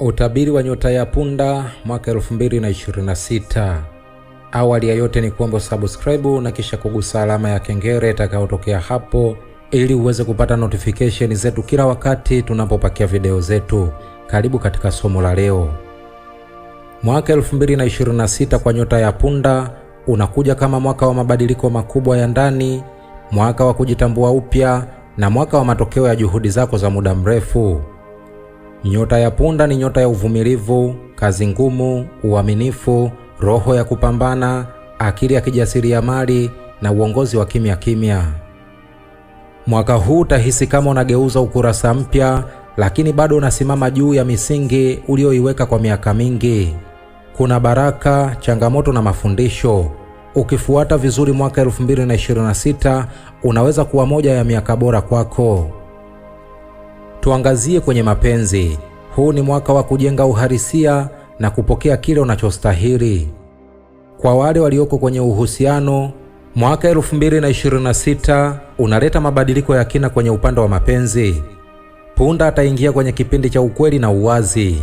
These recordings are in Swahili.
Utabiri wa nyota ya punda mwaka 2026. Awali ya yote ni kuomba subscribe na kisha kugusa alama ya kengele itakayotokea hapo ili uweze kupata notification zetu kila wakati tunapopakia video zetu. Karibu katika somo la leo. Mwaka 2026 kwa nyota ya punda unakuja kama mwaka wa mabadiliko makubwa ya ndani, mwaka wa kujitambua upya na mwaka wa matokeo ya juhudi zako za muda mrefu. Nyota ya punda ni nyota ya uvumilivu, kazi ngumu, uaminifu, roho ya kupambana, akili ya kijasiriamali na uongozi wa kimya kimya. Mwaka huu utahisi kama unageuza ukurasa mpya, lakini bado unasimama juu ya misingi uliyoiweka kwa miaka mingi. Kuna baraka, changamoto na mafundisho. Ukifuata vizuri mwaka 2026 unaweza kuwa moja ya miaka bora kwako tuangazie kwenye mapenzi. Huu ni mwaka wa kujenga uhalisia na kupokea kile unachostahili. Kwa wale walioko kwenye uhusiano, mwaka 2026 unaleta mabadiliko ya kina kwenye upande wa mapenzi. Punda ataingia kwenye kipindi cha ukweli na uwazi.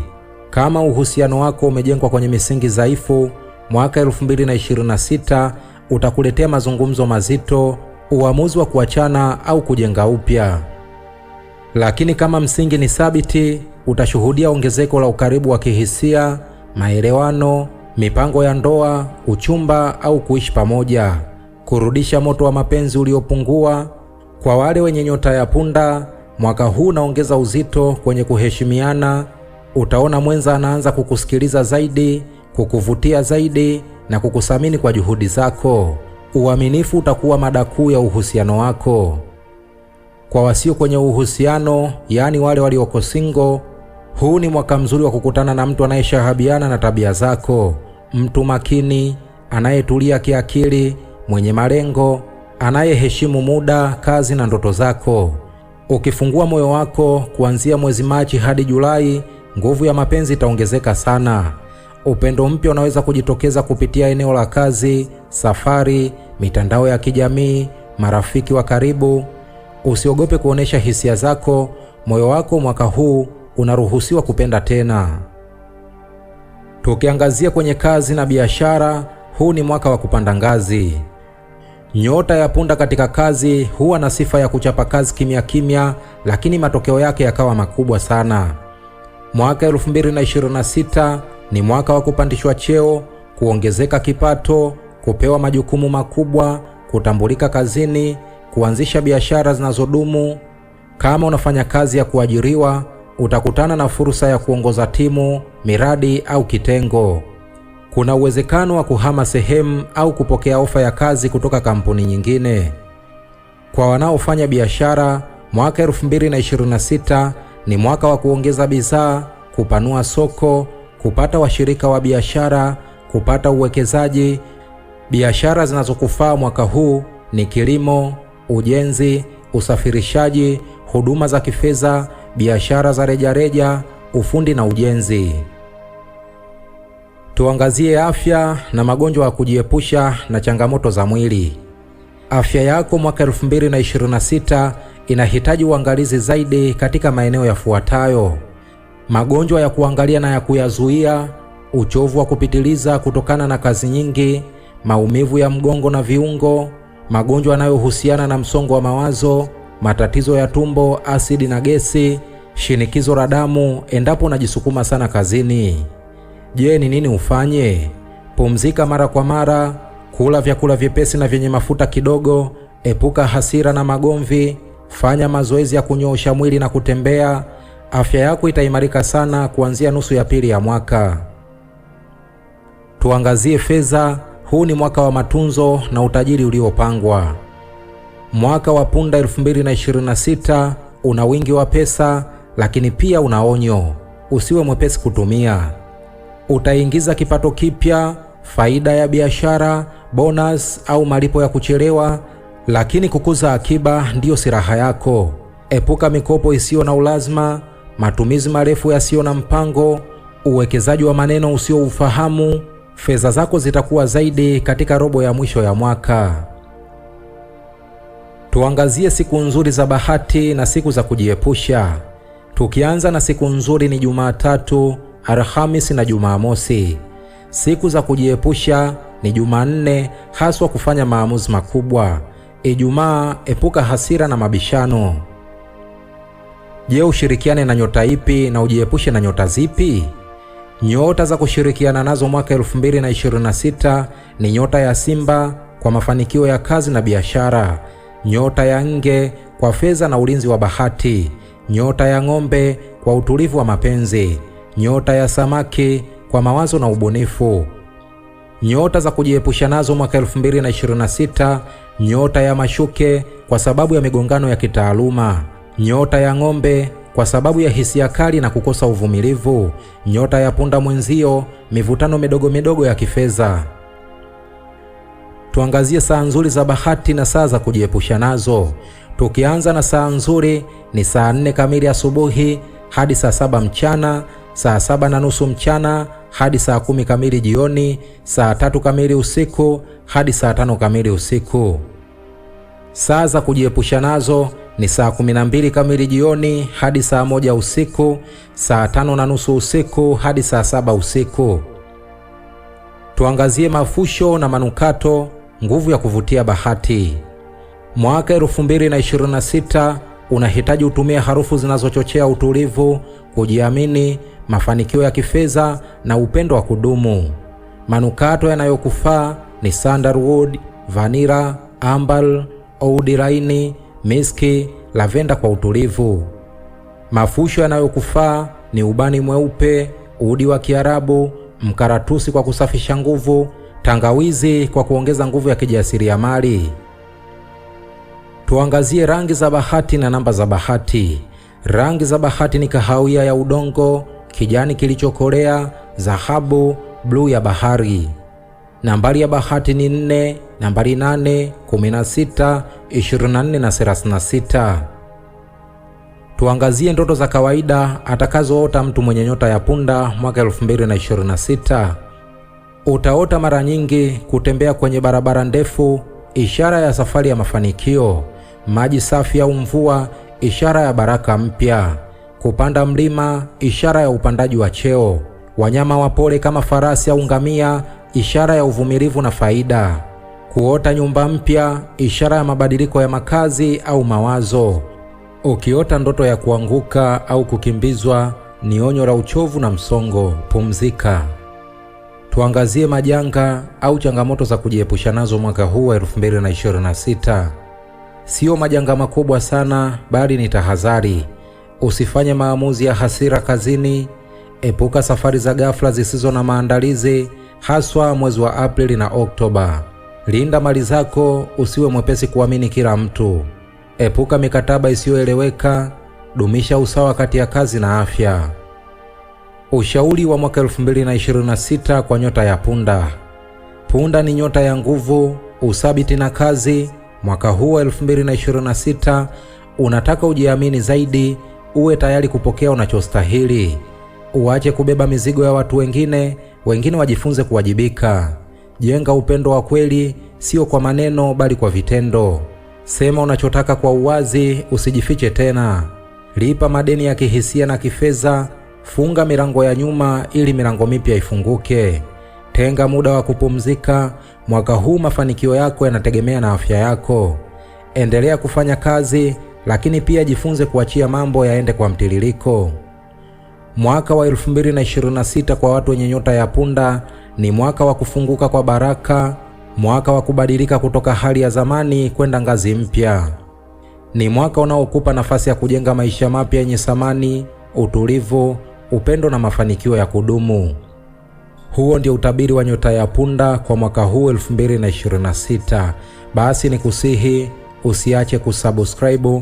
Kama uhusiano wako umejengwa kwenye misingi dhaifu, mwaka 2026 utakuletea mazungumzo mazito, uamuzi wa kuachana au kujenga upya. Lakini kama msingi ni thabiti, utashuhudia ongezeko la ukaribu wa kihisia, maelewano, mipango ya ndoa, uchumba au kuishi pamoja, kurudisha moto wa mapenzi uliopungua. Kwa wale wenye nyota ya punda, mwaka huu unaongeza uzito kwenye kuheshimiana. Utaona mwenza anaanza kukusikiliza zaidi, kukuvutia zaidi na kukusamini kwa juhudi zako. Uaminifu utakuwa mada kuu ya uhusiano wako. Kwa wasio kwenye uhusiano, yaani wale walioko single, huu ni mwaka mzuri wa kukutana na mtu anayeshahabiana na tabia zako, mtu makini, anayetulia kiakili, mwenye malengo, anayeheshimu muda, kazi na ndoto zako. Ukifungua moyo wako kuanzia mwezi Machi hadi Julai, nguvu ya mapenzi itaongezeka sana. Upendo mpya unaweza kujitokeza kupitia eneo la kazi, safari, mitandao ya kijamii, marafiki wa karibu Usiogope kuonesha hisia zako. Moyo wako mwaka huu unaruhusiwa kupenda tena. Tukiangazia kwenye kazi na biashara, huu ni mwaka wa kupanda ngazi. Nyota ya punda katika kazi huwa na sifa ya kuchapa kazi kimya kimya, lakini matokeo yake yakawa makubwa sana. Mwaka 2026 ni mwaka wa kupandishwa cheo, kuongezeka kipato, kupewa majukumu makubwa, kutambulika kazini kuanzisha biashara zinazodumu. Kama unafanya kazi ya kuajiriwa, utakutana na fursa ya kuongoza timu, miradi au kitengo. Kuna uwezekano wa kuhama sehemu au kupokea ofa ya kazi kutoka kampuni nyingine. Kwa wanaofanya biashara, mwaka 2026 ni mwaka wa kuongeza bidhaa, kupanua soko, kupata washirika wa biashara, kupata uwekezaji. Biashara zinazokufaa mwaka huu ni kilimo, ujenzi, usafirishaji, huduma za kifedha, biashara za rejareja, ufundi na ujenzi. Tuangazie afya na magonjwa ya kujiepusha na changamoto za mwili. Afya yako mwaka 2026 inahitaji uangalizi zaidi katika maeneo yafuatayo: magonjwa ya kuangalia na ya kuyazuia, uchovu wa kupitiliza kutokana na kazi nyingi, maumivu ya mgongo na viungo magonjwa yanayohusiana na msongo wa mawazo, matatizo ya tumbo, asidi na gesi, shinikizo la damu endapo unajisukuma sana kazini. Je, ni nini ufanye? Pumzika mara kwa mara, kula vyakula vyepesi na vyenye mafuta kidogo, epuka hasira na magomvi, fanya mazoezi ya kunyoosha mwili na kutembea. Afya yako itaimarika sana kuanzia nusu ya pili ya mwaka. Tuangazie fedha. Huu ni mwaka wa matunzo na utajiri uliopangwa. Mwaka wa punda 2026 una wingi wa pesa, lakini pia una onyo: usiwe mwepesi kutumia. Utaingiza kipato kipya, faida ya biashara, bonus au malipo ya kuchelewa, lakini kukuza akiba ndiyo silaha yako. Epuka mikopo isiyo na ulazima, matumizi marefu yasiyo na mpango, uwekezaji wa maneno usioufahamu fedha zako zitakuwa zaidi katika robo ya mwisho ya mwaka. Tuangazie siku nzuri za bahati na siku za kujiepusha, tukianza na siku nzuri ni Jumatatu, Alhamisi na Jumamosi. Siku za kujiepusha ni Jumanne, haswa kufanya maamuzi makubwa. Ijumaa, epuka hasira na mabishano. Je, ushirikiane na nyota ipi na ujiepushe na nyota zipi? Nyota za kushirikiana nazo mwaka 2026 ni nyota ya Simba kwa mafanikio ya kazi na biashara, nyota ya Nge kwa fedha na ulinzi wa bahati, nyota ya Ng'ombe kwa utulivu wa mapenzi, nyota ya Samaki kwa mawazo na ubunifu. Nyota za kujiepusha nazo mwaka 2026, nyota ya Mashuke kwa sababu ya migongano ya kitaaluma, nyota ya Ng'ombe kwa sababu ya hisia kali na kukosa uvumilivu, nyota ya punda mwenzio, mivutano midogo midogo ya kifedha. Tuangazie saa nzuri za bahati na saa za kujiepusha nazo. Tukianza na saa nzuri ni saa nne kamili asubuhi hadi saa saba mchana, saa saba na nusu mchana hadi saa kumi kamili jioni, saa tatu kamili usiku hadi saa tano kamili usiku. Saa za kujiepusha nazo ni saa mbili kamili jioni hadi saa moja usiku, saa tano na nusu usiku hadi saa saba usiku. Tuangazie mafusho na manukato, nguvu ya kuvutia bahati. Mwaka sita unahitaji utumie harufu zinazochochea utulivu, kujiamini, mafanikio ya kifedha na upendo wa kudumu. Manukato yanayokufaa ni sandalwood, vanira, ambal, oud laini miski, lavenda kwa utulivu. Mafusho yanayokufaa ni ubani mweupe, udi wa Kiarabu, mkaratusi kwa kusafisha nguvu, tangawizi kwa kuongeza nguvu ya kijasiriamali. Tuangazie rangi za bahati na namba za bahati. Rangi za bahati ni kahawia ya udongo, kijani kilichokolea, dhahabu, bluu ya bahari. Nambari ya bahati ni nne, nambari 8, na Tuangazie ndoto za kawaida atakazoota mtu mwenye nyota ya punda mwaka 2026. Utaota mara nyingi kutembea kwenye barabara ndefu, ishara ya safari ya mafanikio; maji safi au mvua, ishara ya baraka mpya; kupanda mlima, ishara ya upandaji wa cheo; wanyama wapole kama farasi au ngamia, ishara ya uvumilivu na faida. Kuota nyumba mpya, ishara ya mabadiliko ya makazi au mawazo. Ukiota ndoto ya kuanguka au kukimbizwa, ni onyo la uchovu na msongo. Pumzika. Tuangazie majanga au changamoto za kujiepusha nazo mwaka huu wa 2026. Sio majanga makubwa sana, bali ni tahadhari. Usifanye maamuzi ya hasira kazini. Epuka safari za ghafla zisizo na maandalizi, haswa mwezi wa Aprili na Oktoba. Linda mali zako, usiwe mwepesi kuamini kila mtu. Epuka mikataba isiyoeleweka, dumisha usawa kati ya kazi na afya. Ushauri wa mwaka 2026 kwa nyota ya punda. Punda ni nyota ya nguvu, uthabiti na kazi. Mwaka huu wa 2026 unataka ujiamini zaidi, uwe tayari kupokea unachostahili. Uache kubeba mizigo ya watu wengine, wengine wajifunze kuwajibika. Jenga upendo wa kweli, sio kwa maneno bali kwa vitendo. Sema unachotaka kwa uwazi, usijifiche tena. Lipa madeni ya kihisia na kifedha. Funga milango ya nyuma ili milango mipya ifunguke. Tenga muda wa kupumzika. Mwaka huu mafanikio yako yanategemea na afya yako. Endelea kufanya kazi, lakini pia jifunze kuachia mambo yaende kwa mtiririko. Mwaka wa 2026 kwa watu wenye nyota ya punda ni mwaka wa kufunguka kwa baraka, mwaka wa kubadilika kutoka hali ya zamani kwenda ngazi mpya. Ni mwaka unaokupa nafasi ya kujenga maisha mapya yenye thamani, utulivu, upendo na mafanikio ya kudumu. Huo ndio utabiri wa nyota ya punda kwa mwaka huu 2026. Basi nikusihi usiache kusubscribe